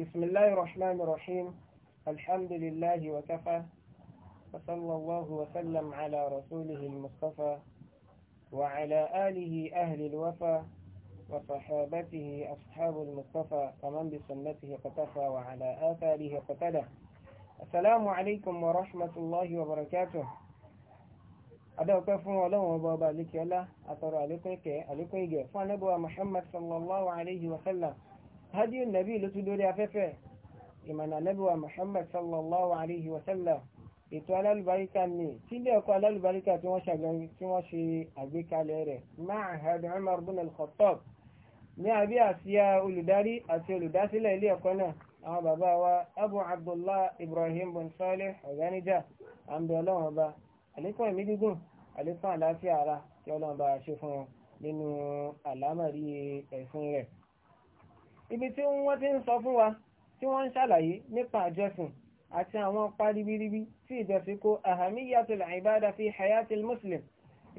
بسم الله الرحمن الرحيم الحمد لله وكفى وصلى الله وسلم على رسوله المصطفى وعلى آله أهل الوفا وصحابته أصحاب المصطفى ومن بسنته قتفى وعلى آثاره قتلى السلام عليكم ورحمة الله وبركاته adáwọ̀pẹ́ fún ọlọ́run ọba لك alékiọlá àtọrọ àlékún ìkẹ́ àlékún ìgẹ̀ fún الله Muhammad sallallahu alaihi wasallam hadiyu النبي ló tún lórí afẹ́fẹ́ ìmọ̀nà nẹ́bíwá muhammad sallallahu alayhi wa sallam ètò alálùbáríkà ni sílé ẹ̀kọ́ alálùbáríkà tí wọ́n ṣàgbọ́n tí wọ́n ṣe àgbékalẹ̀ rẹ̀ ma'had umar bin al-khattab ní àbí àsíá olùdarí àti olùdásílẹ̀ ilé ẹ̀kọ́ náà àwọn bàbá wa abu abdullah ibrahim bin salih àmì ọlọ́run ọba àlékún ibi tí wọ́n ti ń sọ fún wa tí wọ́n ń ṣàlàyé nípa àjọsìn àti àwọn paribiribi tí ìjọsìn kó ahamiyatul ibada fi hayatil muslim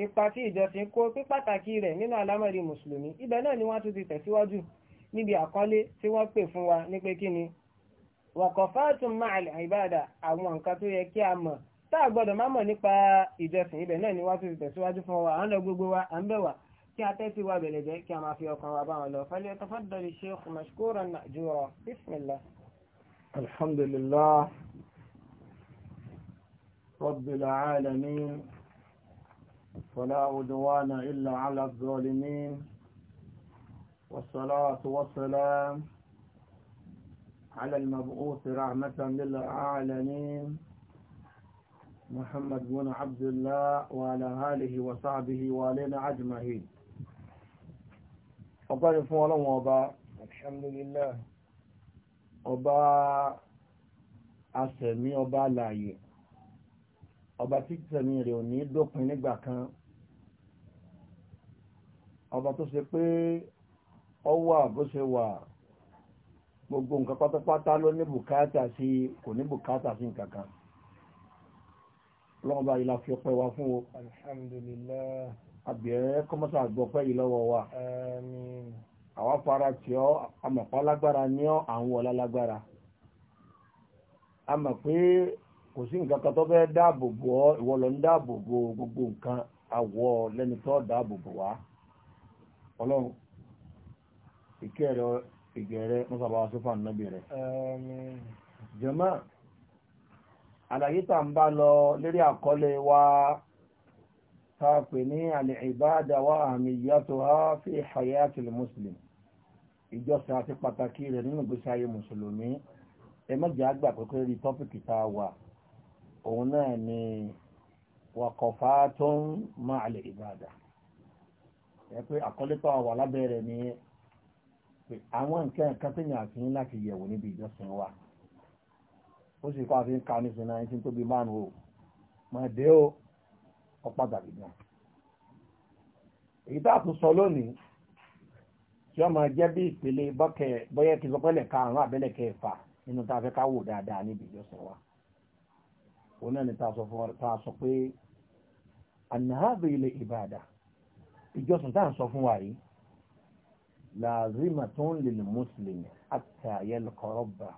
ipa tí ìjọsìn kó pípàtàkì rẹ̀ nínú alámọ̀rí mùsùlùmí ibẹ̀ náà ni wọ́n tún ti tẹ̀síwájú níbi àkọlé tí wọ́n pè fún wa ní pé kí ni waqafatun ma'al àwọn nǹkan tó yẹ kí a mọ̀ tá a má mọ̀ nípa ìjọsìn ibẹ̀ náà ni wọ́n tún ti tẹ̀síwájú fún wa à gbogbo wa à ń bẹ̀ wà kí a tẹ́tí wá bẹ̀rẹ̀ jẹ́ kí a máa fi ọkàn wa bere je ki فليتفضل الشيخ مشكورا مأجورا بسم الله الحمد لله رب العالمين ولا عدوان إلا على الظالمين والصلاة والسلام على المبعوث رحمة للعالمين محمد بن عبد الله وعلى آله وصحبه وعلينا أجمعين ọpẹ́ ni fún ọlọ́run ọba alhamdulillah ọba asẹ̀mí ọba alààyè ọba títẹ̀mí rẹ̀ ò ní dópin nígbà kan ọba tó ṣe pé ọ wà bó ṣe wà gbogbo nǹkan pátápátá ló ní bùkátà sí kò ní bùkátà sí nǹkan kan lọ́wọ́ báyìí la fi ọpẹ́ wa fún o alhamdulillah àgbẹ̀rẹ́ kọmasa àgbọ̀pẹ́ yìí lọ́wọ́ wa àwọn fara tí ọ́ amọ̀pá lágbára ní ọ́ àwọn ọ̀la lágbára a mọ̀ pé kò sí nǹkan kan tó fẹ́ dáàbò bò ọ́ ìwọ lọ ń dáàbò bò gbogbo nǹkan àwọ̀ lẹ́ni tó dáàbò bò wá ọlọ́run ìkẹ́ rẹ ìgẹ̀rẹ́ mọ́sàbá sófà nàbì rẹ̀ jẹ́mọ́ tá a pè ní al-ibada wa ahmiyatuha fi hayati al-muslim ìjọsìn àti pàtàkì rẹ̀ nínú ìgbésí ayé mùsùlùmí ẹ mẹ́jọ àgbà pẹ̀pẹ́ rí tọ́pìkì tá a wà òun náà ni wàkọ̀fà tó ń má àlè ìbàdà ẹ pé àkọlé tó wà lábẹ́rẹ̀ ni pé àwọn nǹkan nǹkan tó yàn àti láti yẹ̀wò níbi ìjọsìn wa ó sì kọ́ àfi ń ka ní sinmi ẹni tó bí márùn-ún o dé o ọ̀pàdàbí náà èyí tá a tún sọ lónìí tí ó máa jẹ́ bí ìpele bọ́kẹ̀ bọ́yẹ́ kí sọpẹ́lẹ̀ karùn-ún àbẹ́lẹ̀ kẹfà nínú tá a fẹ́ ká wò dáadáa níbi ìjọsìn wa òun náà ni tá a sọ pé ànáhàbẹ̀ ilé ìbàdà ìjọsìn tá sọ fún wa yìí làzima tó ń lèlè mùsùlùmí àtàyẹ lọkọrọba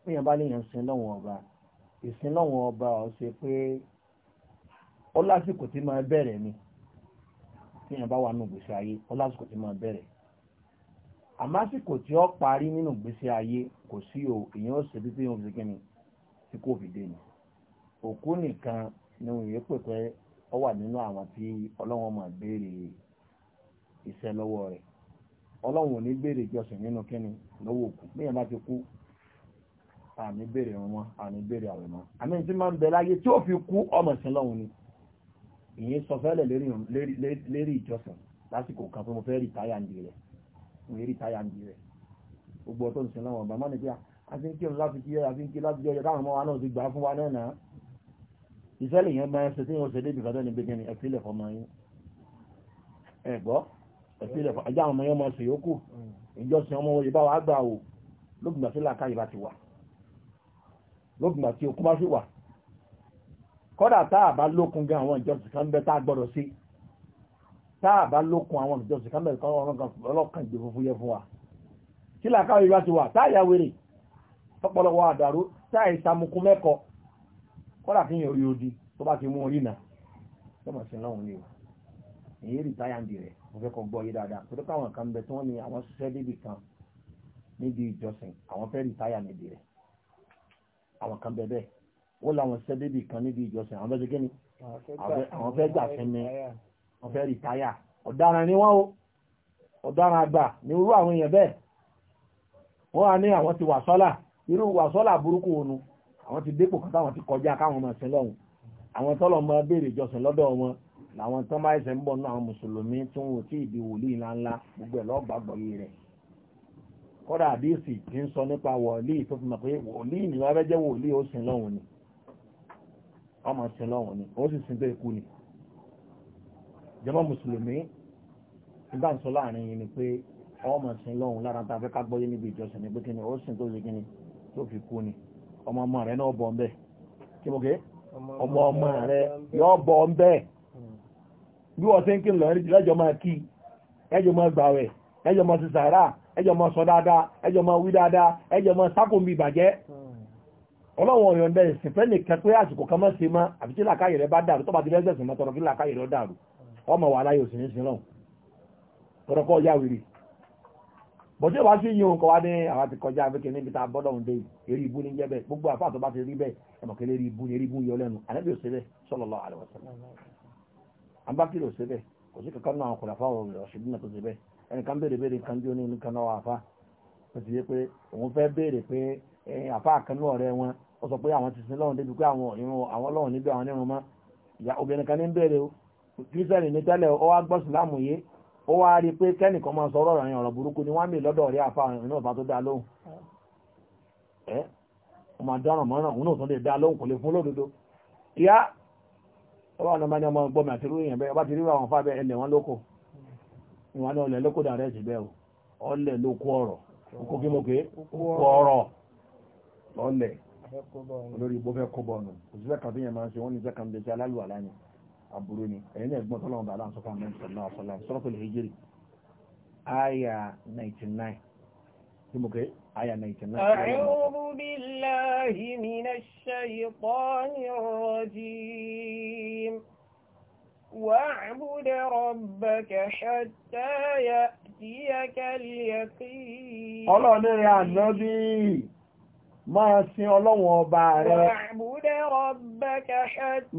fúnyàn bá léèyàn sin lọ́wọ́ ọba ìsin lọ́wọ́ ọba ó ṣe pé ó lásìkò tí máa bẹ̀rẹ̀ ni tí yàn bá wà nínú ìgbésí ayé ó lásìkò tí máa bẹ̀rẹ̀ àmásìkò tí ó parí nínú ìgbésí ayé kò sí o èèyàn ó ṣe bí pé òun ṣe kíni tí kò fi dé ni òkú nìkan ni òun yẹ pé pé ó wà nínú àwọn tí ọlọ́wọ́n máa béèrè iṣẹ́ lọ́wọ́ rẹ̀ ọlọ́wọ́n ò ní béèrè ìjọsìn nínú kíni lọ́wọ́ òkú bí yàn bá ti kú àmì béèrè wọn àmì béèrè àwọn ọmọ àmì tí máa ń bẹ láyé tí ó fi kú ọmọ ìsìn lọ́wọ́ ni ìyẹn sọ fẹ́lẹ̀ lérí ìjọsìn lásìkò kan fún mo fẹ́ rìtáyà ń di rẹ̀ mo rí rìtáyà ń di rẹ̀ gbogbo ọ̀tọ̀ ìsìn láwọn ọ̀bà mọ́ni pé a ti ń kírun láti kí a ti ń kí láti jẹ́ káwọn ọmọ wa náà ti gbà fún wa náà náà ìfẹ́ lè yẹn máa ṣe tí yóò ṣe débi kan tó ní gbẹgbẹ ni ẹ̀fílẹ̀ fọmọ yín ẹ̀gbọ́ ẹ̀fílẹ̀ fọ ajá àwọn ọmọ yẹn máa wa kọ́dà táà bá lókun gan àwọn ìjọsìn kan bẹ táà gbọ́dọ̀ sí táà bá lókun àwọn ìjọsìn kan bẹ ọlọ́kàn ìjọ fúnfún yẹ fún wa kí làkàwé ìwá ti wà táà yàwèrè tọ́pọ̀lọpọ̀ àdàrú táà ìsàmùkún mẹ́kọ kọ́dà fi yàn orí odi tó bá ti mú orí náà tọ́mọ̀ sí lọ́hùn ní o èyí rí táyàndì rẹ̀ mo fẹ́ kọ́ gbọ́ yé dáadáa tó dọ́kọ̀ àwọn kan bẹ tí wọ́n ní àwọn ṣiṣẹ́ débì kan níbi ìjọsìn àwọn fẹ́ rí táyà níbi rẹ̀ àwọn kan bẹ bẹ́ẹ̀ wọ́n làwọn ṣẹ́ débi kan níbi ìjọsìn àwọn bẹ́ẹ̀ gbà sẹ́mi wọ́n fẹ́ rìtáyà ọ̀daràn ni wọ́n o ọ̀daràn àgbà ni irú àwọn èèyàn bẹ́ẹ̀ wọ́n á ní àwọn ti wà sọ́là irú wà sọ́là burúkú onu àwọn ti dépò kan táwọn ti kọjá káwọn máa sin lọ́hùn àwọn tọ́lọ̀ máa béèrè ìjọsìn lọ́dọ̀ wọn làwọn tán bá ẹsẹ̀ ń bọ̀ náà àwọn mùsùlùmí tí wọn ò tí ì di wòlíì ńláńlá gbogbo ẹ̀ lọ́gbàgbọ́ yìí rẹ̀ kọ́dà àdéhìsì ti ń sọ nípa wòlíì tó fi mọ̀ pé wòlíì nìyọ́ abẹ́jẹ́ wòlíì ó sin lọ́hùn ni ọmọ ṣe lọ́wọ́n ni ó sì sin bẹ́ẹ̀ kú ni jàmá mùsùlùmí nígbà ń sọ láàrin yìí ni pé ọmọ ṣe lára tá a fẹ́ ká gbọ́yé níbi ìjọsìn ni pé kí ni ó sìn tó ṣe ni tó fi kú ni ọmọ ọmọ rẹ náà bọ̀ ń bẹ́ẹ̀ kí mo gé ọmọ ọmọ rẹ yóò bọ̀ ń bẹ́ẹ̀ hmm. bí wọ́n ṣe ń kí ń lọ rí lẹ́jọ́ máa kí ẹjọ́ máa gbàwẹ̀ ẹjọ́ máa ti sàárà ẹjọ́ máa sọ dáadáa ẹjọ́ máa wí dáadáa ẹjọ́ máa sákòmí ìbàjẹ́ hmm ọlọ́wọ̀n ọ̀yọ̀ǹda ẹ̀sìn fẹ́ nìkan pé àsìkò kan mọ́ sí mọ́ àbí tí làkáyè rẹ bá dàrú tó bá ti fẹ́ sẹ̀sìn mọ́ tọrọ kí làkáyè rẹ dàrú ọmọ wà láyé òsìn sí náà tọrọ kọ́ ya wèrè bọ́tí ìwà sí yíò kọ́ wá ní àwọn ti kọjá abẹ́kẹ́ níbi tá a bọ́dọ̀ ń dé eré ibú ní jẹ́ bẹ́ẹ̀ gbogbo àfáà tó bá ti rí bẹ́ẹ̀ ẹ̀mọ̀kẹ́ lé rí àfáà tó ọ̀rẹ́ wọn ó sọ pé àwọn ti sin lọ́run débi pé àwọn ìrun àwọn lọ́run níbi àwọn nírun mọ́ ìyá obìnrin kan ní bẹ̀rẹ̀ o kírísẹ́nì ní tẹ́lẹ̀ ó wá gbọ́ sùlámù yé ó wá rí i pé kẹ́nìkan máa sọ ọ̀rọ̀ yẹn ọ̀rọ̀ burúkú ni wọ́n mì lọ́dọ̀ rí àfa àwọn ìrìn ọ̀bá tó dá lóhùn ẹ́ ọmọ àdáràn mọ́ràn òun náà tún lè dá lóhùn kò lè fún lódodo ìyá ọwọ́ àwọn ọmọ ní ọmọ gbọ́mọ àti irú èèyàn bẹ́ẹ̀ bá ti rí àwọn fábẹ́ ẹlẹ̀ wọn lóko ìwọ̀n ní ọlẹ̀ lóko dàrẹ́ sí bẹ́ẹ̀ o ọlẹ̀ lóko ọ̀rọ̀ òkú kí mo ọ̀rọ̀ ọlẹ̀ olórí igbó fẹ́ kó bọ̀nù òṣìṣẹ́ kan tó yẹn máa ń ṣe wọ́n ní iṣẹ́ kan bẹ̀ṣẹ́ alálù àláyìn àbúrò ni ẹ̀yìn náà gbọ́n tọ́lọ́wọ́n bàálà sọ́kà mẹ́rin sọ̀rọ̀ náà sọ́lá Suratul Hijri aya 99 tí mo kẹ́ aya 99. A'udhu billahi minash shaytanir rajim. واعبد ربك حتى يأتيك اليقين. ọlọ́ọ̀lẹ́rẹ̀ ànábì Máa sin ọlọ́wọ̀n ọba rẹ̀.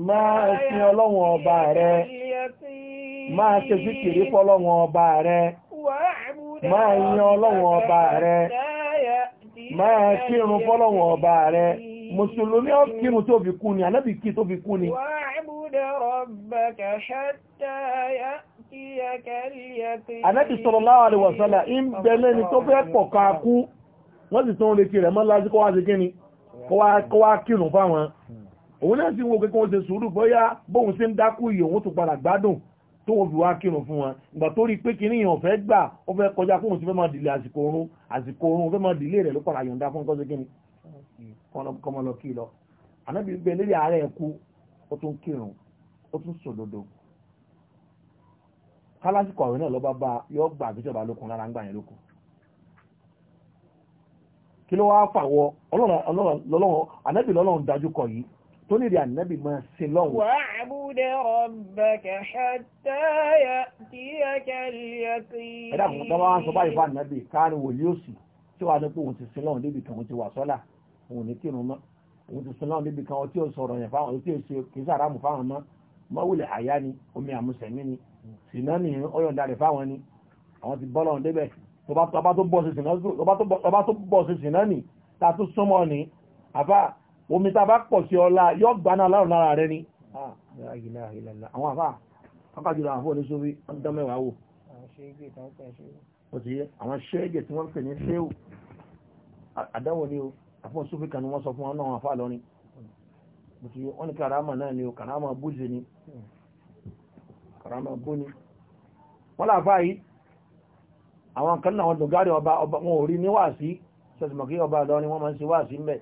Máa sin ọlọ́wọ̀n ọba rẹ̀. Máa ṣe síkìrí fọ́lọ́wọ̀n ọba rẹ̀. Máa yan ọlọ́wọ̀n ọba rẹ̀. Máa kírun fọ́lọ́wọ̀n ọba rẹ̀. Mùsùlùmí ó kírun tó fi kú ni, ànábì kí tó fi kú ni. Ànábì sallallahu alaihi wasallam, ń bẹ lẹ́ni tó fẹ́ pọ̀ka kú wọ́n sì tún retí rẹ̀ mọ́ láti kọ́wàá sí kíni kọ́wàá kírun fáwọn òun náà sì ń wo pé kí wọ́n ṣe sùúrù bóyá bóun ṣe ń dákú iye òun tún padà gbádùn tó wọ́n fi wá kírun fún wọn ìgbà tó rí pé kíní yàn fẹ́ gbà ó fẹ́ kọjá kóun sì fẹ́ máa dìlé àsìkò oorun àsìkò oorun fẹ́ máa dìlé rẹ̀ ló padà yọ̀ǹda fún kọ́sí kí ló wá fàwọ ọlọ́run lọ́lọ́run ànábì lọ́lọ́run dájú kọ yìí tó nìrí ànábì máa sin lọ́run. wà á búdẹ rabbaka hatta ya'tiyaka al-yaqin. ẹ̀dá kan tó máa ń sọ báyìí fún ànábì káàrin wòlí òsì tí wàá dẹ́pọ̀ ọba tó bọ́ sí sí náà ní tàtú súnmọ́ ní àfá omi tá bá pọ̀ sí ọlá yọ́ gbaná láàrùn lára rẹ ní ah, àwọn àfá pápájúlọ àwọn fóònù sórí ọdún mẹ́wàá wò àwọn ṣẹ́gẹ̀ tí wọ́n pè ní ṣéwù àdáwò ní o àfóòn sófí kan ni wọ́n sọ fún wọn náà àfá lọ́rin wọ́n ni kàrámà náà ni o kàrámà búzi ni hmm. kàrámà bú ni wọ́n láàfá yìí àwọn kan náà wọn dọ̀gárí ọba wọn ò rí ní wáàsí sọ́tìmọ̀ kí ọba lọ ni wọ́n máa ń ṣe wáàsí mẹ́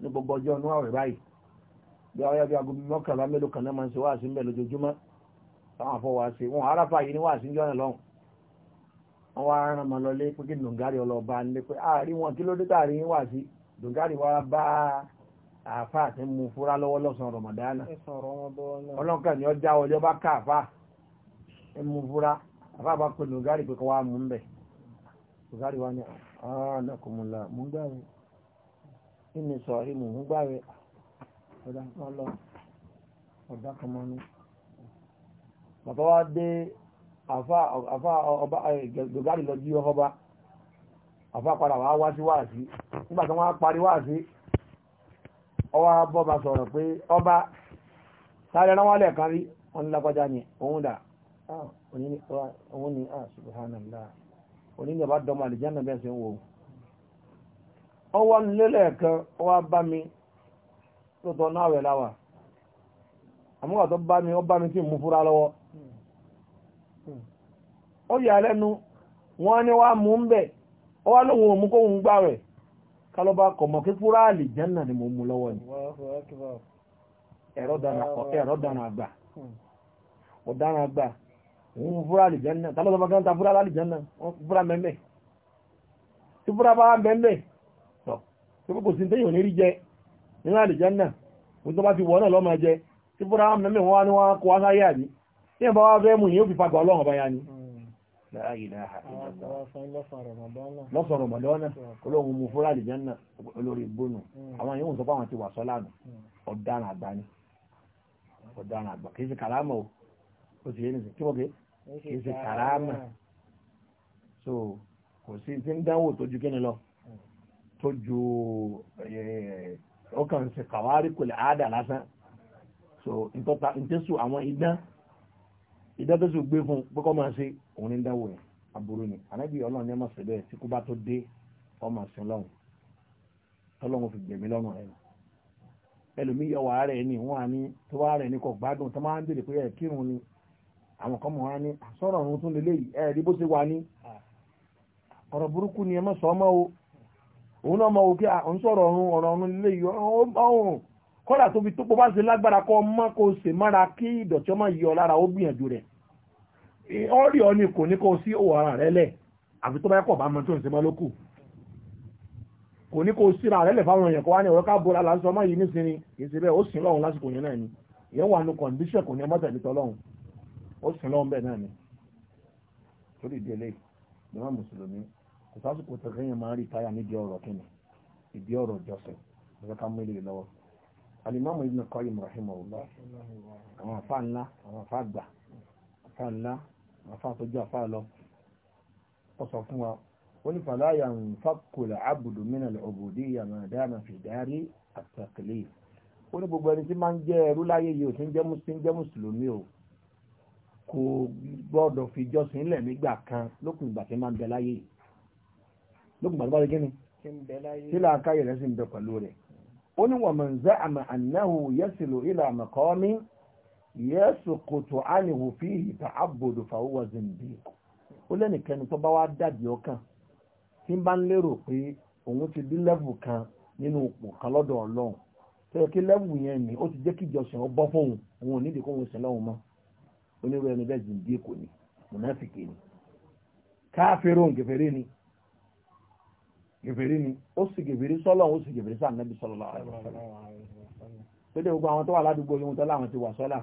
ní gbogbo ọjọ́ inú àwẹ̀ báyìí bí ọyá bí agogo mọ́kànlá mélòó kan náà máa ń ṣe wáàsí mẹ́ lójoojúmọ́ táwọn afọ wá ṣe wọn aráfà yìí ní wáàsí jọ́ náà lọ́hùn wọn wá rán mọ́ lọlé pé kí dọ̀gárí ọlọ́ba ní pé àárí wọn kí ló dé táàrí yín wáàsí dọ̀gárí wa bá àáfà àti mú fúra lọ́wọ́ lọ́sàn-án rọ̀mọ̀dánà ni ọjà ọjọ́ bá ká àáfà mú fúra àáfà bá pe dọ̀gárí pé kọ́ wá mú ń bẹ̀ sùkárì wa ni àánàkùnmùlà ah, mú gbáre nínú sọ̀rí mú mú gbáre ọ̀dá kan lọ ọ̀dá kan mọ́ ní bàbá wa dé àfá ọba gbẹ̀gbẹ̀rì lọ jí ọba àfá padà wá wá sí wáàsí nígbàtí wọ́n parí wáàsí ọwá bọ́ba sọ̀rọ̀ pé ọba sáré rán wálẹ̀ kan rí wọn lápájá ni òun dà ah, òun ni ah subhanallah onígbàbá dọmọ àlìjánà bẹ́ẹ̀ sí wo ọ wá nílẹ̀ kan ọ wá bá mi tó tọ́ náà rẹ̀ láwà tó bá mi ọ bá mi tí mú fúra lọ́wọ́ ó yà lẹ́nu wọ́n wá mú ń bẹ̀ ọ wá lóhun òmú kó ń gbá rẹ̀ kálọ́bá kọ̀mọ̀ kí fúra ni mo mú lọ́wọ́ ni ẹ̀rọ òun fúra àlìjẹ́nà tàbí ọmọ kan ta fúra àlìjẹ́nà wọ́n fúra mẹ́mẹ́ tí fúra bá mẹ́mẹ́ tọ̀ tí kò sí tẹ́yìn onírí jẹ nínú àlìjẹ́nà kò tó bá ti wọ̀ náà lọ́mọ jẹ tí fúra mẹ́mẹ́ ni wọ́n kó wáṣá yà ní tí ìbá wá fẹ́ mú ni lọ́sọ̀ rọ̀mọ̀lọ́nà olóhun mú fúra àlìjẹ́nà olórí gbónú hmm. àwọn yóò sọ pé àwọn ti wà sọ́lánù hmm. ọ̀daràn àgbà ni ọ̀daràn àgbà kì í ṣe kàlámọ̀ ó ti yé nìyí kí wọ́n kì kìí ṣe kàrámà so kò sí ti ń dánwò tó ju kíni lọ hmm. tó ju ọkàn ṣe kàwárí kò lè àádà lásán so ntọ́ta ntẹ́sù àwọn idán idán tó sì gbé fún pẹ́kọ́ máa ṣe òun ní dánwò yẹn aburú ni ànábì ọlọ́run ní ọmọ síbẹ̀ tí kú bá tó dé ọmọ sí lọ́hùn tọ́lọ́hùn fi gbẹ̀mí lọ́rùn ẹ̀yìn ẹlòmíyọ̀ wà rẹ̀ ni wọ́n á ní tó wà rẹ̀ ní kò gbádùn tó máa ń bèrè pé ẹ̀ kírun ni àwọn kan mọ̀ wá ní àsọ̀rọ̀ ọ̀run tún lélẹ́yìí ẹ̀rí bó ṣe wà ní ọ̀rọ̀ burúkú ni ẹ mọ̀ sọ ọmọ o òun náà mọ̀ wò kí à ń sọ̀rọ̀ ọ̀run ọ̀rọ̀ ọ̀run lélẹ́yìí ọ̀hún kọ́dà tóbi tó pọ̀ bá ṣe lágbára kọ́ mọ́ kó ṣe mára kí ìdọ̀tí ọmọ yìí ọ lára ó gbìyànjú rẹ̀ ọ̀rì ọ ni kò ní kó sí òwò ara rẹ̀ lẹ̀ àfi tó bá kọ̀ bá mọ tó ń ṣe mọ́ kò ní kó síra rẹ̀ lẹ̀ fáwọn èèyàn kó wá ní ọ̀rọ̀ ká bóra lásán ọmọ yìí nísìnyí kì í ṣe bẹ́ẹ̀ ó sìn lọ́hùn lásìkò yẹn náà ni ìyẹn wà nù kọ̀ǹdíṣẹ̀ kò ní ọmọ tẹ̀lé tọ́lọ́hùn ó sì lọ́wọ́ bẹ́ẹ̀ náà ni torí ìdílé ìmọ̀ mùsùlùmí kò sásìkò tó kéèyàn máa ń rí táyà níbi ọ̀rọ̀ kíni ìdí ọ̀rọ̀ ìjọsìn ọ̀sẹ̀ ká mú ilé lọ́wọ́ alimami ibn Qayyim rahimahullah àwọn afá ńlá àwọn afá gbà afá ńlá afá tó jẹ́ afá lọ ó sọ fún wa ó ní fala yanfakku al-abdu min al-ubudiyya ń jẹ́ ẹrú láyé yìí ò sí ń jẹ́ mùsùlùmí kò gbọ́dọ̀ fi jọ́sìn lẹ̀ nígbà kan lókùn ìgbà tí máa ń bẹ láyé yìí lókùn ìgbà tó bá rí kíni tí làákàyè rẹ̀ sì ń bẹ pẹ̀lú rẹ̀ ó ní wọ̀n mọ̀ ń zẹ́ àmà ànáhù yẹ́sìlò ìlà àmàkọ́mí yẹ́sù kòtò ánìhù fi ìta àbòdò fàwọ́ zimbi ó lẹ́nìkẹ́ni tó bá wá dàbí ọkàn tí bá ń lérò pé òun ti dí lẹ́vù kan nínú òpò kan lọ́dọ̀ ọlọ́run tó yẹ kí lẹ́vù yẹn ni ó ti jẹ́ kíjọsìn ọ bọ́ fóun òun ò nídìí kóun ṣẹlẹ́ òun mọ́ onírú ẹni bẹ́ẹ̀ jìndí kò ní mùnáfìkì ni káfíròn gẹ̀fẹ̀rí ni gẹ̀fẹ̀rí ni ó sì gẹ̀fẹ̀rí sọ́lọ̀ ó sì gẹ̀fẹ̀rí sáà nẹ́bí sọ́lọ̀ láàrín pédé gbogbo àwọn tó wà ládùúgbò yóò tọ́lá àwọn ti wà sọ́lá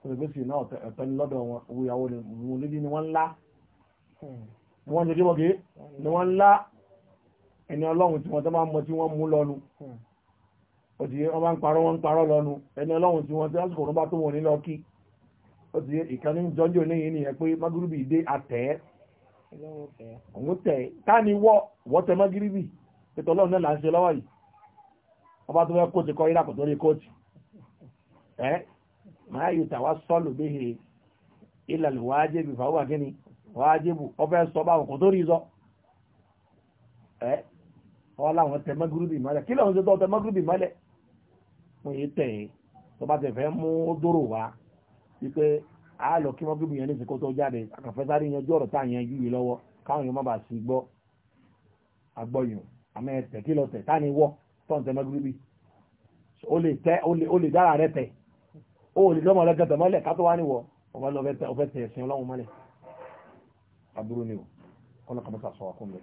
pẹ̀lẹ́gbẹ́sì náà ọ̀tọ́ ni lọ́dọ̀ wọn ìyàwó ni mo lójú ni wọ́n ńlá ni wọ́n ti débọ̀gé ni wọ́n ńlá ẹni ọlọ́run tí wọ́n tó máa ń mọ tí wọ́n mú lọ́nu òtí wọ́n bá ń parọ́ wọ́n ń parọ́ lọ́nu ẹni ọlọ́run tí wọ́n tó lásìkò ọ̀run bá tó wọn ní lọ́kí ó ti ìkan ní jọjọ́ lẹ́yìn ní ẹ pé magiribi dé àtẹ́ òun tẹ̀ ká ní wọ́ wọ́tẹ magiribi pẹ̀tọ́ ọlọ́run náà là ń ṣe lọ́wọ́ yìí ọba tó fẹ́ kóòtù kọ́ ìràkọ̀ tó rí kóòtù ẹ́ máa yóò sọ́ọ̀lù ìlàlù ọfẹ́ sọ bá tó rí tẹ mọ́lẹ̀ kí lóun ṣe tọ́ tẹ mọ́lẹ̀ tẹ̀ tẹ̀ fẹ́ mú wípé a lọ kí wọ́n gbìyànjú ní ìsìnkú tó jáde àkànfẹ́sárì yanjú ọ̀rọ̀ tá à ń yanjú yìí lọ́wọ́ káwọn yóò má bàa sí gbọ́ agbọ́yùn àmọ́ ẹ̀tẹ̀ kí lọ tẹ̀ tá ni wọ́ tọ́ ǹtẹ̀ mọ́gbìbì ó lè dára rẹ tẹ̀ ó lè lọ́mọ lẹ́gẹ̀tẹ̀ mọ́lẹ̀ ká tó wá níwọ̀ ọba lọ fẹ́ tẹ̀ ẹ̀sìn ọlọ́run mọ́lẹ̀ aburú ni o kọ́nà kan sọ àwọn akọ́mọ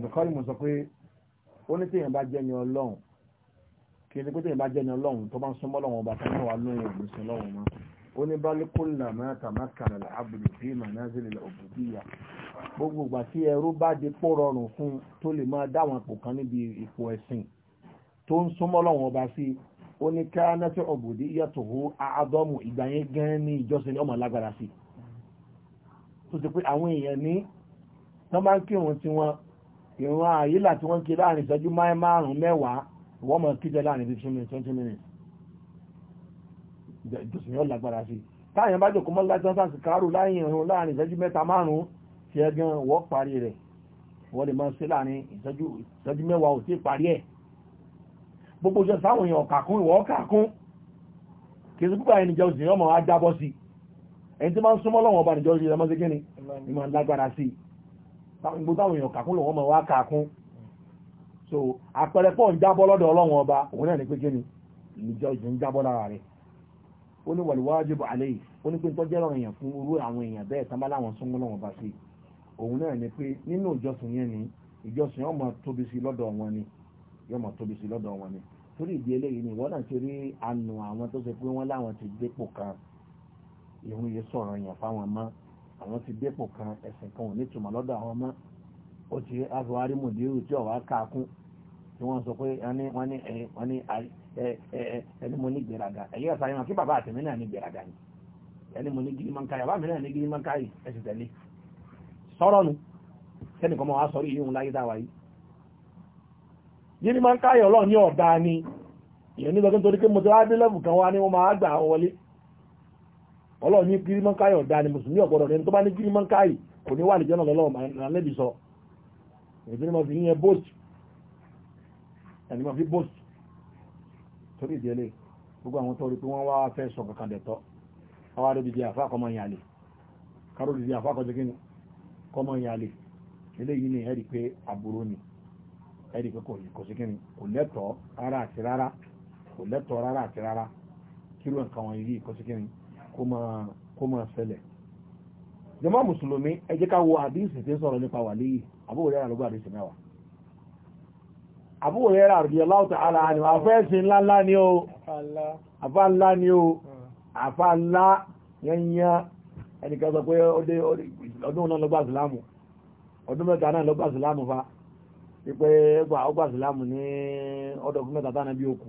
nìkan ni mo sọ pé ó ní téèyàn bá jẹ́ ni ọlọ́run kí ni pé téèyàn bá jẹ́ ni ọlọ́run tó bá ń súnmọ́ ọlọ́run ọba tó ń wà lóyún òmùsùn ọlọ́run mọ́ ó ní bá líkúnlà máa tàmákàrà àbùdù fi mànázìlẹ̀ òbúdíyà gbogbo ìgbà tí ẹrú bá di pó rọrùn fún tó lè máa dáwọn àpò kan níbi ipò ẹ̀sìn tó ń súnmọ́ lọ́wọ́n ọba sí ó ní ká nẹ́tí òbúdíyà tó hó àádọ́mù ìgbà yẹn gan ní ìjọsìn ọmọ lágbára sí tó ti pé àwọn èèyàn ní tán ń kírun tí wọn ìran àyílà tí wọ́n ń kí láàrin ìṣẹ́jú márùn-ún mẹ́wàá wọ́n mọ̀ kíjẹ láàrin 15 minutes 20 minutes ìjọsìn yóò lágbára sí táyàn bá jòkó mọ́ láti sáǹsì kárò láyìn ìrun láàrin ìṣẹ́jú mẹ́ta márùn-ún tí ẹ gan wọ́ parí rẹ̀ wọ́n lè máa ṣe láàrin ìṣẹ́jú mẹ́wàá ò sí parí ẹ̀ gbogbo ìjọ sáwọn èèyàn kàkún ìwọ̀ kàkún kì í sí púpà ẹni jẹun sí ọmọ adábọ́ sí ẹni tí máa ń súnmọ́ lọ́wọ́ ọba nìjọ ìrìnlẹ̀ mọ́sí kíni ìmọ̀ lágbára sí gbogbo táwọn èèyàn kàkún lọ́wọ́ ọmọ wa kàkún so àpẹẹrẹ pọ̀ ń jábọ́ lọ́dọ̀ ọlọ́wọ́ ọba òun náà ní pé kíni ìjọ ìjọ ń jábọ́ lára rẹ̀ ó ní wàlúwájúbọ̀ alẹ́ yìí ó ní pé tọ́jẹ́ ọ̀rọ̀ èèyàn fún irú àwọn èèyàn bẹ́ẹ̀ tán bá bá sí òun náà ni pé nínú ìjọsìn yẹn ni ìjọsìn yóò máa tóbi sí lọ́dọ̀ wọn ni yóò máa tóbi sí lọ́dọ̀ wọn ni torí ìdí eléyìí ni ìwọ náà ti rí àánú àwọn tó ṣe pé wọ́n láwọn ti dépò kan ìhun yìí sọ̀rọ̀ èèyàn fáwọn mọ́ àwọn ti dépò kan ẹ̀sìn kan ò ní tùmọ̀ lọ́dọ̀ àwọn mọ́ ó ti àfọwárí mòdìrú tí ọ̀wá kà tí wọ́n sọ pé wọ́n ní ẹni mo ní gbèrágà ẹ̀yẹ ọ̀sán yẹn kí bàbá àtẹ̀mí náà ní gbèrágà ni ẹni mo ní gidi máa ń káyà bàbá mi náà ní gidi máa ń káyà tẹ̀lé sọ̀rọ̀ nu sẹ́nìkan wá sọ̀rọ̀ ìyóhun láyé dáwà yìí yìí máa ọ̀dá ni èèyàn ní lọ́gbọ́n torí pé mo ti wá dé lẹ́bù kan wá ní wọ́n máa gbà wọlé ọlọ́ọ̀ ní gidi máa ń káyà ọ̀dá ni mùsùlùmí ọ̀gbọ́dọ̀ ní tó bá ní gidi máa ń káyà kò ní wà ní jẹ́nà lọ́lọ́ ẹni ma fi bóòtù torí ìdílé gbogbo àwọn tó rí pé wọ́n wá fẹ́ sọ kankan dẹ̀tọ́ àwọn arẹ́bìdì àfáàkọmọ ìyàlè karolìdì àfáàkọjọ kí kọmọ ìyàlè eléyìí ni ẹ̀rí pé àbúrò ni ẹ̀rí pé kò sí kíni kò lẹ́tọ̀ọ́ rárá àti rárá kò lẹ́tọ̀ọ́ rárá àti rárá kírú nǹkan wọn yìí kò sí kíni kó máa ṣẹlẹ̀ jàmá mùsùlùmí ẹ jẹ́ ká wo àdíìsì tí ń sọ̀rọ̀ nípa wàlíyì àbúrò yára lọ́gbà àdíìsì mẹ́wàá Abu Hurairah radiyallahu ta'ala anhu àfẹ́ẹ̀sì ńlá ńlá ni ó àfá ńlá ni ó hmm. àfá ńlá yẹnyẹn ẹnìkan sọ pé ọdún náà lọ́gbà ìsìlámù ọdún mẹ́ta náà lọ́gbà ìsìlámù fa pípẹ́ ẹgbà ọgbà ìsìlámù ní ọdọ̀ fún mẹ́ta tánà bí òkú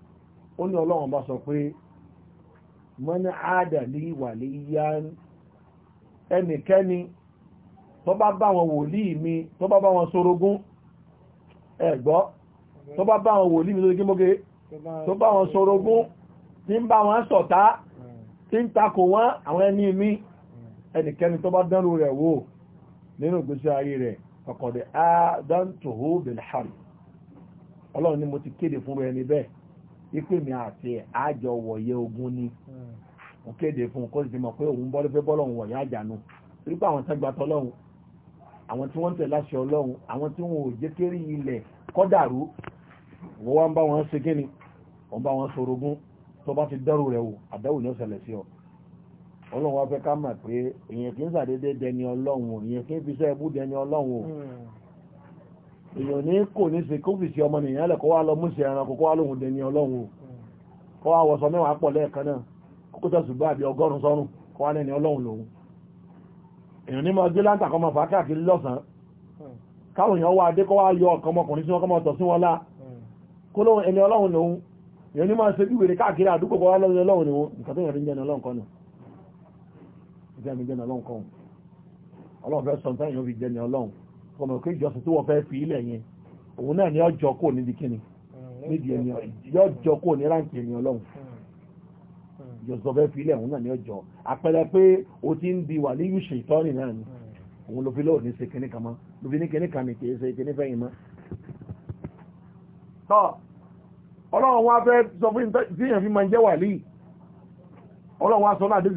ó ní ọlọ́run bá sọ pé mọ́ní àádàlí wàlé yá ẹnikẹ́ni tó bá bá wọn wòlíì mi tó bá bá wọn sorogún ẹ̀gbọ́ tó bá bá wọn wòlíì mi tó gí mọ́gé tó bá wọn sorogún tí ń bá wọn ṣọ̀tá tí ń takò wọn àwọn ẹni mi ẹnikẹ́ni tó bá dánrù rẹ̀ wò nínú ìgbésí ayé rẹ̀ ọkọ̀dẹ̀ àádọ́ntòhó bẹ̀lẹ̀ ọlọ́run ni mo ti kéde fún ẹni bẹ́ẹ̀ ipé mi àti àjọ wọ̀yẹ ogun ni ó hmm. kéde fún kó sì mọ̀ pé òun bọ́lú pé bọ́lọ̀hún wọ̀yẹ àjànú wípé àwọn tẹ́gbà tọ́lọ́hún àwọn tí wọ́n tẹ̀ láṣẹ ọlọ́hun àwọn tí wọ́n ò jẹ́ kéré ilẹ̀ kọ́dàrú wọ́n wá ń bá wọn ni wọ́n ọlọ́run wá fẹ́ ká mọ̀ pé èèyàn kì í sàdédé dẹni ọlọ́run èèyàn kì í fi iṣẹ́ ẹbú dẹni ọlọ́run èèyàn ní kò ní ṣe kó fìsí ọmọ nìyàn lẹ̀ kó wá lọ múṣẹ̀ ẹranko kó wá lóhun dẹni ọlọ́run kó wá wọ́sọ mẹ́wàá pọ̀ lẹ́ẹ̀kan náà kó tẹ̀ ṣùgbọ́n àbí ọgọ́rùn sọ́rùn kó wá lẹ́ni ọlọ́run lòun èèyàn ní mọ́ gbé láńtà kọmọ fà káàkiri lọ́sàn káwọn èèyàn wá adé kó wá yọ ọkàn ọmọkùnrin sí wọn kọmọ tọ̀ sí wọn lá kó lóhun ẹni ọlọ́run lòun èèyàn ní máa ṣe bí wèrè káàkiri àdúgbò kó wá lọ́ni ọlọ́run lòun nǹkan tó yẹn fi ń jẹun ọlọ́run kan nù ìfẹ́ mi jẹun ọlọ́run kan ọlọ́run fẹ́ sọ ọmọ òkè ìjọsìn tó wọ́n fẹ́ fi ilẹ̀ yẹn òun náà ni ọjọ́ kò níbi kíni mm, níbi ènìyàn yóò jọ kò ní ráǹkì ènìyàn lọ́hùn mm, mm. ìjọsìn fẹ́ fi ilẹ̀ òun náà ni ọjọ́ àpẹẹrẹ pé o ti ń di wà ní yùṣe ìtọ́rìn náà ni òun ló fi lóò ní ṣe kíní kan mọ́ ló fi ní kíní kan ní kìí ṣe kíní fẹ́yìn mọ́. tọ́ ọlọ́run wá fẹ́ sọ fún ìyẹn fi máa ń jẹ́ wà líì ọlọ́run wá sọ náà dé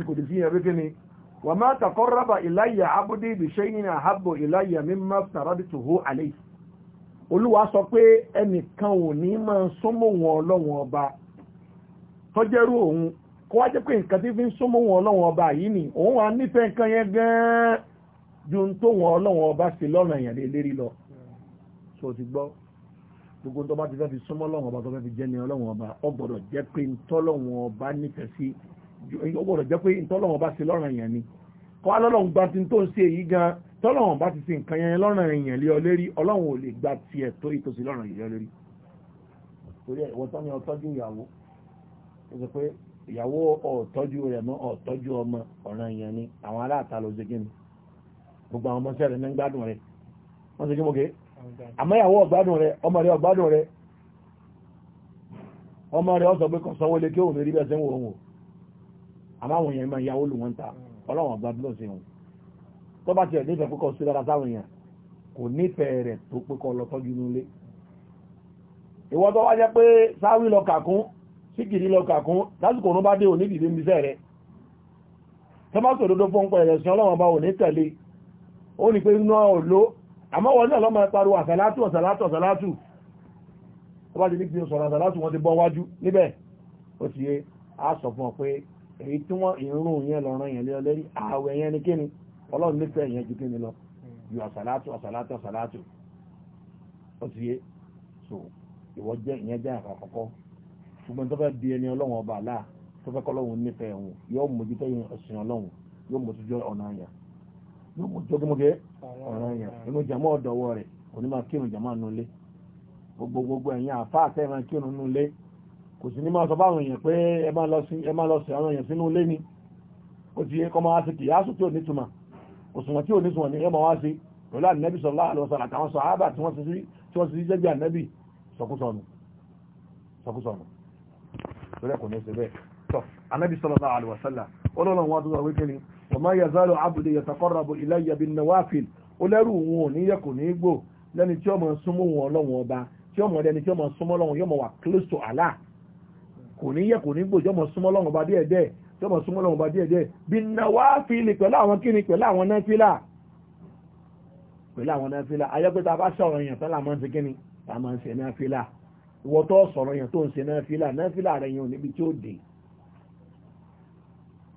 wa ma raba ilayya abdi bi shay'in ahabbu ilayya mimma aftaradtuhu alayhi Olúwa sọ pé ẹnìkan ò ní máa wọn ọba òun kó pé nǹkan fi ń wọn ọba yìí ni òun wà nífẹ̀ẹ́ nǹkan yẹn ju ń tó ọba sí lọ́nà èèyàn lérí lọ so ti gbọ́ gbogbo tó bá ti fẹ́ ọba tó fẹ́ fi jẹ́ ni ọba ó ọba ó gbọ́dọ̀ jẹ́ pé ìtọ́lọ́wọ̀n bá ṣe lọ́rùn èèyàn ni kọ́ wá lọ́lọ́run gba ti tó ń ṣe èyí gan tọ́lọ́wọ̀n bá ti ṣe nǹkan yẹn lọ́rùn èèyàn lé ọ lérí ọlọ́run ò lè gba tiẹ̀ tó ìtòsí lọ́rùn èèyàn lérí. torí ẹ̀ wọ́n tán ni ọtọ́jú ìyàwó ó sọ pé ìyàwó ọ̀tọ́jú rẹ̀ mọ́ ọ̀tọ́jú ọmọ ọ̀ràn èèyàn ni àwọn aláàta ló ṣe kíni gbogbo àwọn ọmọọṣẹ́ rẹ̀ ní gbádùn rẹ̀ wọ́n ṣe kí mo ké àmọ́ ìyàwó ọ̀gbádùn rẹ̀ ọmọ rẹ̀ ọ̀gbádùn rẹ̀ ọmọ rẹ̀ ọ̀sọ̀ pé kọ̀sánwó lé kí òun rí bẹ́ẹ̀ sẹ́wọ̀n òun àmáwọn èèyàn máa yáwó lù wọ́n ta ọlọ́wọ̀n bá dúró sí wọn tó bá tiẹ̀ nífẹ̀ẹ́ pé kọ́ sí dára sáwọn èèyàn kò nífẹ̀ẹ́ rẹ̀ tó pé kọ́ lọ tọ́jú nílé ìwọ́n tó wá jẹ́ pé sáwí lọ kàkún síkìrí lọ kàkún lásìkò òun bá dé òní dìde níṣẹ́ rẹ̀ tó bá sòdodo fún pẹ̀ rẹ̀ sí ọlọ́wọ̀n bá òní tẹ̀lé ó ní pé iná òló àmọ́ wọn náà lọ́mọ pariwo àsàlátù àsàlátù àsàlátù tó bá ti ní kí n sọ̀rọ̀ àsàlátù wọn ti bọ́ wájú níbẹ̀ ó ti yé a sọ fún ọ pé èyí tí wọ́n ìrún yẹn lọ́rọ̀ yẹn lẹ́rí ààwẹ̀ yẹn ni kíni ọlọ́run nífẹ̀ẹ́ yẹn ju kíni lọ ju àsàlátù àsàlátù àsàlátù ó ti yé so ìwọ jẹ́ ìyẹn jẹ́ àkà àkọ́kọ́ ṣùgbọ́n tó fẹ́ di ẹni ọlọ́run ọba àlá tó fẹ́ kọ́lọ́run nífẹ̀ẹ́ òun yóò mójútó yẹn ọ̀sìn ọlọ́run yóò mójútó ọ̀nà yẹn yóò mójútó gẹ́gẹ́ ọ̀nà yẹn inú jàmọ́ ọ̀dọ̀wọ́ rẹ̀ kò ní máa kírun jàmọ́ nulẹ̀ gbogbo ẹ̀yìn àfáà tẹ́ máa kírun nulẹ̀ kò sí ní máa sọ báwọn èèyàn pé ẹ máa lọ sí àwọn èèyàn sínú ilé ni ó ti yẹ kọ́ máa sí kìí aṣù tí ò nítumà òṣùwọ̀n tí ò nítumà ní ẹmọ wá sí pẹ̀lú ànẹ́bì sallallahu alaihi wasallam àtàwọn sàhábà tí wọ́n ti sí jẹ́gbẹ̀ ànẹ́bì sọkúsọnù sọkúsọnù lórí ẹ̀kọ́ ní ṣe bẹ́ẹ̀ tọ́ ànẹ́bì sallallahu alaihi wasallam ọlọ́run wọn tó sọ wípé ni wa ma yazalu abdi yataqarrabu ilayya bin nawafil ó lẹ́rù wọn ò ní yẹ kò ní gbò lẹ́ni tí ọmọ súnmọ́ wọn ọlọ́run ọba tí ọmọ rẹ tí ọmọ súnmọ́ ọlọ́run yọmọ wà close to Allah kò ní yẹ kò ní gbò jọmọ súnmọ́ Ọlọ́run ọba díẹ̀ díẹ̀ jọmọ súnmọ́ Ọlọ́run ọba díẹ̀ díẹ̀ bí nàwáfíìlì pẹ̀lú àwọn kíni pẹ̀lú àwọn náfílà pẹ̀lú àwọn náfílà ayọ́pẹ́ta bá sọ̀rọ̀ èèyàn tán làmọ́ ṣe kíni làmọ́ ṣe náfílà ìwọ tó sọ̀rọ̀ èèyàn tó ń ṣe náfílà náfílà rẹ̀ yàn níbi tí ó dé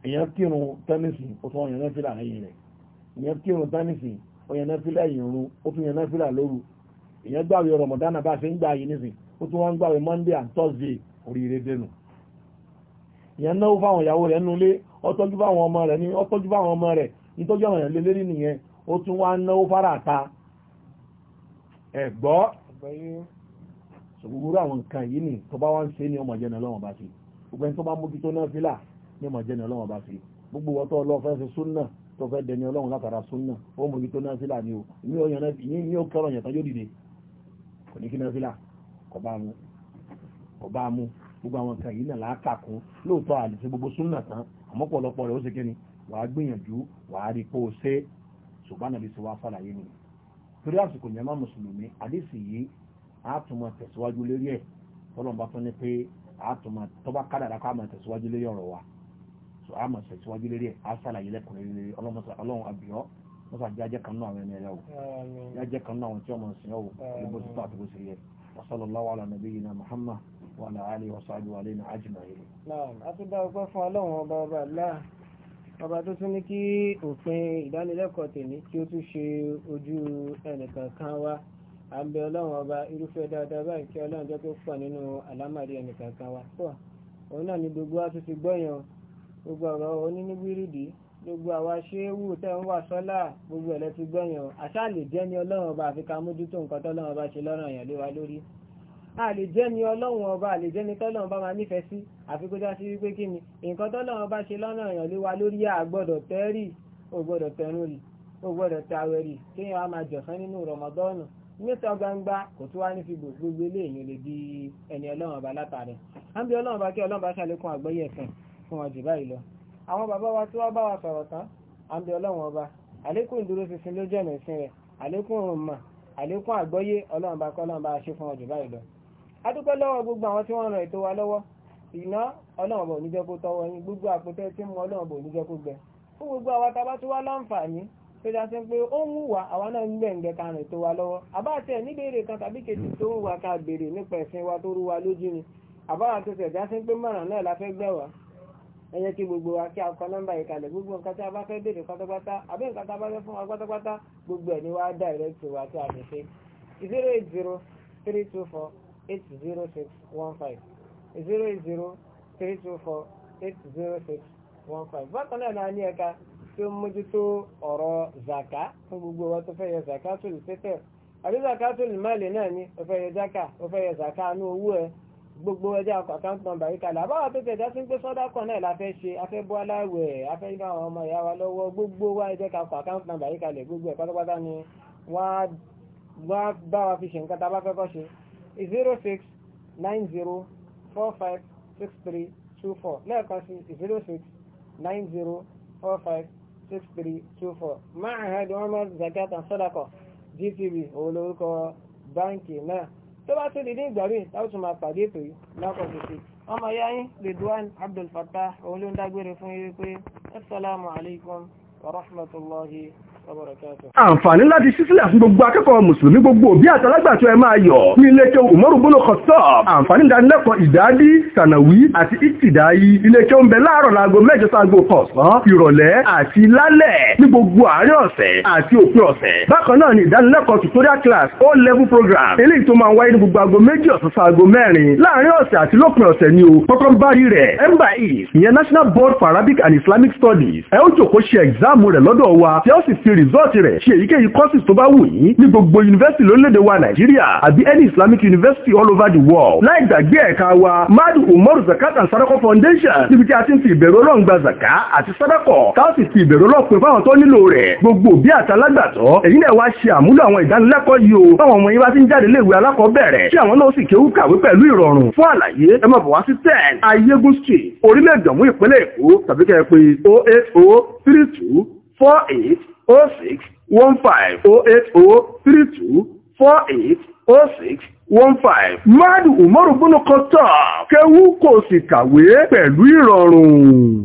èèyàn kírun tẹ́nìsì ó tún ọ̀yàn náfílà lẹ́yìn rẹ̀ èèyàn kírun tẹ́nìsì ọ̀yàn náfílà ìrún ó tún yàn náfílà lóru èèyàn gbàwé Ramadan bá ṣe wọ́n ń Monday and Thursday oríire dẹnu ìyẹn náwó fáwọn ìyàwó rẹ̀ nulé ọtọ́jú fáwọn ọmọ rẹ̀ ní ọtọ́jú fáwọn ọmọ rẹ̀ ìtọ́jú ọmọ rẹ̀ lélẹ́rí nìyẹn ó tún wá náwó fáràta ẹ̀gbọ́ ṣògbogbo àwọn nǹkan yìí ni tó bá wá ń ṣe ní ọmọ jẹ́nà lọ́wọ́ bá sí gbogbo ẹni tó bá mú kí tó náà fílà ní ọmọ jẹ́nà lọ́wọ́ bá sí gbogbo ọ̀tọ́ ọlọ́fẹ́ ṣe súnà tó fẹ́ dẹni ọlọ́run látara súnà ó mú kí tó náà fílà ni ó ní ó kẹrọ yẹn tán yóò dìde kò ní kí náà fílà kọ bá mú ọba mú gbogbo àwọn nǹkan yìí náà láàkàkún lóòótọ́ àlèṣe gbogbo súnà tán àmọ́ pọ̀lọpọ̀ rẹ̀ ó ṣe kíni wàá gbìyànjú wàá rí pé ó ṣe ṣùgbọ́n àbí ṣe wá fàlàyé nìyí torí àsìkò yẹn má mùsùlùmí àdéṣì yìí àtúmọ̀ tẹ̀síwájú lórí ẹ̀ tọ́lọ́mbà tó ní pé àtúmọ̀ tọ́ba kádàrá ká máa tẹ̀síwájú lórí ọ̀rọ̀ wa so a máa tẹ̀síwájú lórí ẹ̀ á ṣàlàyé lẹ́kùnrin lórí ọlọ́run وعلى آله وصحبه وعلينا أجمعين نعم أتبع وقف الله وبابا الله ọba tó tún ní kí òpin ìdánilẹ́kọ̀ọ́ tèmi kí ó tún ṣe ojú ẹnìkankan wa a ń bẹ ọlọ́run ọba irúfẹ́ dáadáa báyìí kí ọlọ́run jẹ́ tó pọ̀ nínú àlámàrí ẹnìkankan wa pọ̀ òun náà ni gbogbo wa tó ti gbọ́yàn gbogbo ọ̀rọ̀ oníníwírìdì gbogbo àwa ṣé wù tẹ́ ń wà sọ́lá gbogbo ẹ̀lẹ́ ti gbọ́yàn àṣà lè jẹ́ ní ọlọ́run ọba àfi mójútó nǹkan tọ́lọ́run ọba ṣe lọ́rọ̀ èèyàn lé lórí a lè jẹ́ ni ọlọ́run ọba a lè jẹ́ ni tọ́lọ́run bá máa nífẹ̀ẹ́ sí àfikúnjá sí wípé kí ni nǹkan tọ́lọ́run bá ṣe lọ́nà èèyàn lé wa lórí àgbọ̀dọ̀ tẹ́rì ògbọ̀dọ̀ tẹnu rì ògbọ̀dọ̀ tàwẹ̀ rì kéèyàn á máa jọ̀sán nínú rọmọdọ́ọ̀nù níta gbangba kò tó wá ní fi gbogbo ilé èèyàn di ẹni ọlọ́run ọba látàrí à ń bí ọlọ́run bá kí ọlọ́run bá ṣàlékún àgbọ́yé ẹ̀sìn fún wọn jù báyìí lọ àwọn bàbá wa tí wọ́n bá wa sọ̀rọ̀ tán à ń bí ọlọ́run ọba àlékún ìdúró ṣinṣin àlékún àgbọ́yé ọlọ́run bá kọ́ ọlọ́run bá ṣe fún wọn báyìí lọ adúpẹ́ lọ́wọ́ gbogbo àwọn tí wọ́n ràn ètò wa lọ́wọ́ ìná ọlọ́run bọ̀ níjẹ́ kó tọwọ́ yín gbogbo àpótẹ́ tí mú ọlọ́run bọ̀ níjẹ́ kó gbẹ fún gbogbo àwa tá a bá tún wá láǹfààní tó já sí pé ó ń wùwà àwa náà ń gbẹ̀ǹgẹ̀ ka ràn ètò wa lọ́wọ́ àbáàtẹ̀ níbèrè kan tàbí kejì tó ń wà ká béèrè nípa ẹ̀sìn wa tó rú lójú ni àbáwà tó tẹ̀ já sí pé mọ̀ràn náà la fẹ́ gbẹ̀wà ẹ jẹ́ kí gbogbo wa kí a kọ nọ́mbà ìkàlẹ̀ gbogbo nǹkan tí a bá fẹ́ béèrè pátápátá àbí nǹkan tí a bá fẹ́ fún wa pátápátá gbogbo ẹ̀ ni wá dá ìrẹ́tì wa tí a lè ṣe zero eight zero three two four 80615 08032480615 bákan náà náà ní ẹ̀ka tí ó mójútó ọ̀rọ̀ zaka fún gbogbo wa tó fẹ́ yẹ zaka tó lè tẹ́tẹ̀ àbí zaka tó lè máàlì náà ní ó fẹ́ yẹ zaka ó fẹ́ yẹ zaka ní owó ẹ gbogbo ẹjẹ́ àkáǹtì nọ́mbà yìí kalẹ̀ àbáwà tó tẹ̀dá sí pé sọ́dá kan náà la fẹ́ ṣe afẹ́ bọ́ aláwẹ̀ afẹ́ yíká àwọn ọmọ ìyá wa lọ́wọ́ gbogbo wa ẹjẹ́ kakọ àkáǹtì nọ́mbà yìí kalẹ̀ gbogbo ẹ̀ pátápátá ni wọ́n á bá wa fi ṣe nǹkan tá a bá fẹ́ kọ́ ṣe zero six nine zero four five six three two four lẹ́ẹ̀kan sí zero six nine zero four five six three two four Ma'had Umar Zakat and Sadaqah GTB òun lórúkọ báńkì náà tó bá tó dìde ìgbàrí táwọn tún máa pàdé ètò yìí lákọ̀ọ́sí sí ọmọ ya yín Ridwan Abdul Fattah òun ló ń dágbére fún yín pé assalamu alaikum wa rahmatullahi àǹfààní láti ṣísílẹ̀ fún gbogbo akẹ́kọ̀ọ́ mùsùlùmí gbogbo òbí àtàlágbàtó ẹ máa yọ̀ ní iléeṣẹ́ òmòrò gbóná kan sọ́ọ̀ àǹfààní ìdánilẹ́kọ̀ọ́ ìdádí sànàwí àti ìtìdáyí iléeṣẹ́ oúnjẹ láàárọ̀ láago mẹ́jọ sáago kọ̀ọ̀sán ìrọ̀lẹ́ àti lálẹ́ ní gbogbo àárín ọ̀sẹ̀ àti òpin ọ̀sẹ̀ bákan náà ni rìsọ́ọ̀tì rẹ̀ ṣe èyíkéyìí courses tó bá wù yín ní gbogbo yunifásitì lórílẹ̀‐èdè wa nàìjíríà àbí any islamic university all over the world láì gbàgbé ẹ̀ka wa madu umaru zakat and sadako foundation níbi tí a ti ń fi ìbẹ̀rù ọlọ́run gba zaka àti sadako tá a sì fi ìbẹ̀rù ọlọ́run pè fáwọn tó nílò rẹ̀ gbogbo òbí àtàlágbàtọ́ èyí náà wá ṣe àmúlò àwọn ìdánilẹ́kọ̀ọ́ yìí o báwọn ọmọ yín bá ti ń jáde léèwé alákọ̀ọ́bẹ̀rẹ̀ tí àwọn náà sì kéwú kàwé pẹ̀lú ìrọ̀rùn fún àlàyé ẹ máa bọ̀ wá sí ten ayégún street orílẹ̀-èdè ọ̀mú ìpínlẹ̀ èkó tàbí kẹ́ ẹ pé 080 32 four eight oh six one five oh eight oh three two four eight oh six one five. Madu Umaru Bunu Kọ́tọ̀ kéwú kò sì kàwé pẹ̀lú ìrọ̀rùn.